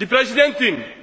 Di Präsidentin!